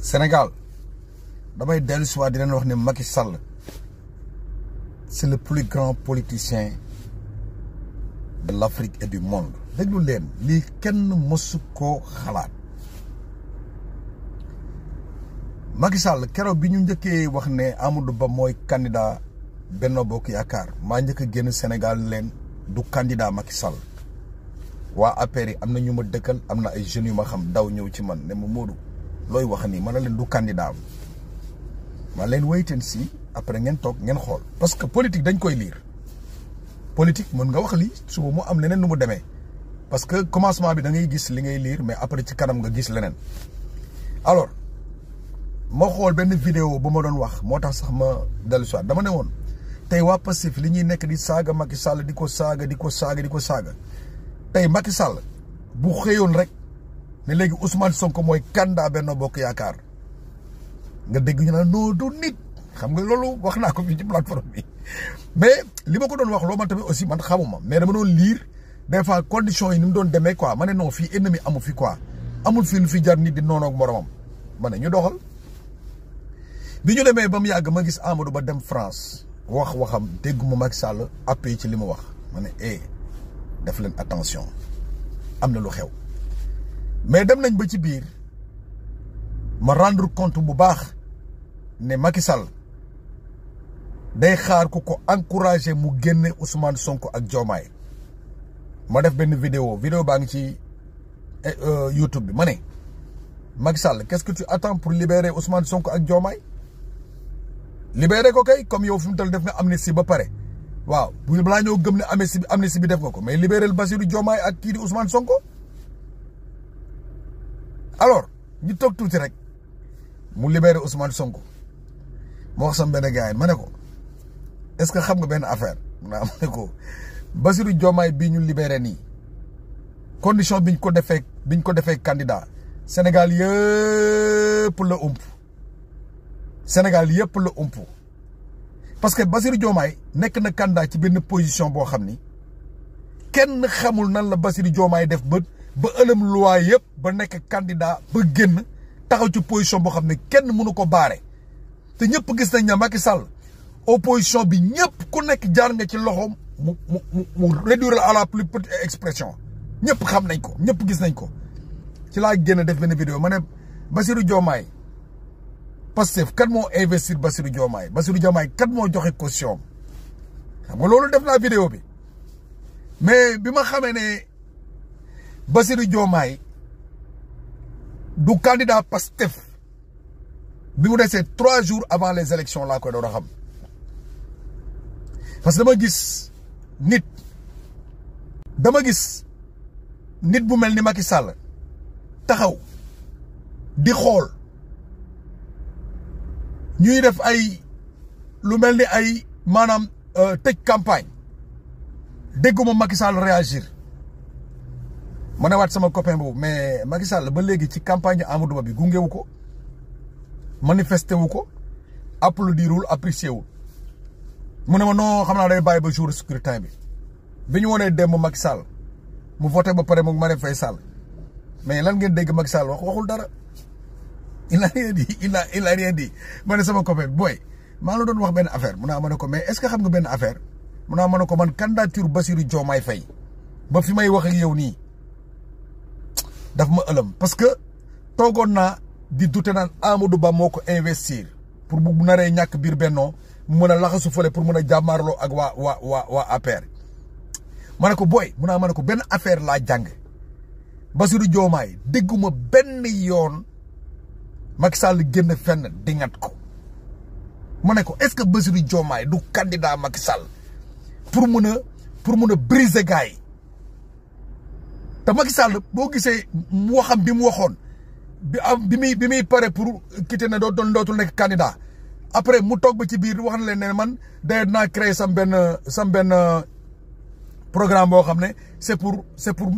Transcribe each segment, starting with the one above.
Sénégal damay delu ci waat di wax ni Macky Sall c'est le plus grand politicien de l'Afrique et du monde Deglu len li kenn mësu koo Macky Sall kéro bi ñu njëkkee wax né Amadou Ba moy candidat Benno bok yakar ma ñëk a Sénégal len du candidat Macky Sall Wa apéré amna ñuma na ñu dëkkal am ay jeune yu ma xam daw ñew ci man né mo Modou loy wax ni ma len du candidat ma len wait and see après ngén tok ngén xol parce que politique dañ koy lire politique mën nga wax li suba mu am lenen numu démé parce que commencement bi da ngay gis li ngay lire mais après ci kanam nga gis lenen alors ma xol ben vidéo bu ma don wax motax sax ma dellu soit dama né won tay wa passif li ñi nek di saga Macky Sall diko saga diko saga diko saga tay Macky Sall bu xeyon rek Mais légui Ousmane Sonko Benno nga ñu nit xam nga ko ci plateforme mais li mako don wax lo man aussi man xamuma mais dama don lire des fois conditions yi nim don quoi mané ne non fi, ennemi amu fi quoi amul fi lu fi jar nit di ak moromam ñu doxal bi ñu ma France wax waxam dégguma mak Sall ci limu wax mané eh def leen attention amna lu xew mais dem nañ ba ci biir ma rendre compte bu baax ne Macky Sall day xaar ko ko encourager mu génne Ousmane Sonko ak Diomaye ma def benn vidéo vidéo baa ngi ci eh, euh, YouTube bi ma ne Macky Sall qu'est-ce que tu attends pour libérer Ousmane Sonko ak Diomaye Libérer, ko kay comme yow fi mu toll def nga amnistie ba pare waaw bu balaa ñoo gëm ne amnistie bi amnistie bi def nga ko mais libérer Bassirou Diomaye ak kii di Ousmane Sonko. alors ñu toog tuuti rek mu libere Ousmane Sonko ma wax sama benn gars yi ma ko est-ce que xam nga benn affaire ah, ma ne ko Basirou Diomaye bii ñu libéré nii condition biñ ko defee biñ ko defee candidat Sénégal yëpp la ump Sénégal yëpp la ump parce que Basirou Diomaye nekk na candidat ci benn position boo xam ni kenn xamul nan la Basirou Diomaye def bët ba ëlëm loi yëpp ba nekk candidat ba génn taxaw ci position boo xam ne kenn mënu ko baare te ñëpp gis nañ ne Macky Sall opposition bi ñëpp ku nekk jaar nga ci loxoom mu mu mu mu réduire la à la plus petite expression ñëpp xam nañ ko ñëpp gis nañ ko ci laa génn def benn vidéo ma ne Basirou Diomaye Pastef kat moo investir Basirou Diomaye Basirou Diomaye kat moo joxe caution xam nga loolu def naa vidéo bi mais bi ma xamee ne Bassirou Diomaye du candidat Pastef bi mu desee trois jours avant les élections laa koy door a parce que dama gis nit dama gis nit bu mel ni Macky Sall taxaw di xool ñuy def ay lu mel ni ay maanaam euh, tëj campagne dégguma Macky Sall réagir ma wat sama copain bobu mais Macky Sall ba légui ci campagne Amadou Ba bi gungé wuko manifesté wuko applaudir wul apprécier wul mune ma non xamna day baye ba jour scrutin bi bi woné dem Macky Sall mu voter ba paré mo Marième Faye Sall mais lan ngeen dégg Macky Sall wax waxul dara il a rien dit il a il a rien dit mané sama copain boy ma la doon wax ben affaire mun naa ah, ma ne ko mais est ce que xam nga ben affaire mun naa ah, ma ne ko man candidature Bassirou Diomaye Faye ba fi may wax ak yow ni parce que qu'on di douté nan Amadou Ba investir pour bu naree ñak bir benno mëna pour mëna jamarlo ak wa wa wa APR. je ne ko affaire la ben fenn est-ce que Bassirou du candidat Macky pour pour briser te Macky Sall boo gisee mu waxam bi mu waxoon bi am bi muy bi muy pare pour quitter ne dootul dootul nekk candidat après mu toog ba ci biir wax na leen ne man day naa créer sam benn sam euh, programme boo xam ne c'est pour c'est pour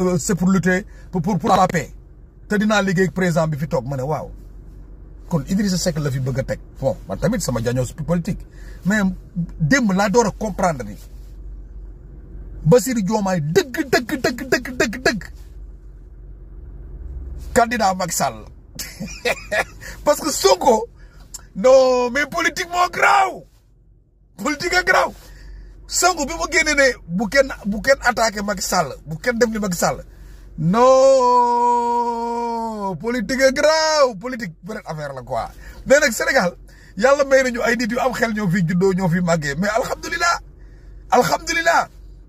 euh, c'est pour lutter pour pour la paix te dinaa liggéey ak bi fi toog ma ne waaw. kon Idrissa Seck la fi bëgg a teg bon man tamit sama jañoos politique mais démb laa door a comprendre ni Basirou dëgg dëgg candidat Macky Sall parce que Sonko non mais politique mon garaaw politique grave. garaaw Sonko bi mu génnee ne bu kenn bu kenn attaqué Macky Sall bu kenn non politique a garaaw politique beneen affaire la quoi mais nag Sénégal yàlla may nañu ay nit yu am xel ñoo fi juddoo ñoo fi mais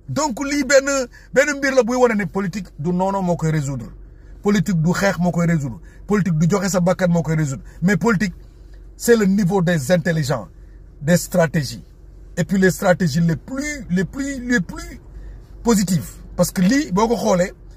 donc lii benn ben mbir la buy ne politique du nono koy résoudre. politique du xex mokoy résoudre politique du joxe sa bakkan mokoy résoudre mais politique c'est le niveau des intelligents des stratégies et puis les stratégies les plus les plus les plus positives parce que li boko ko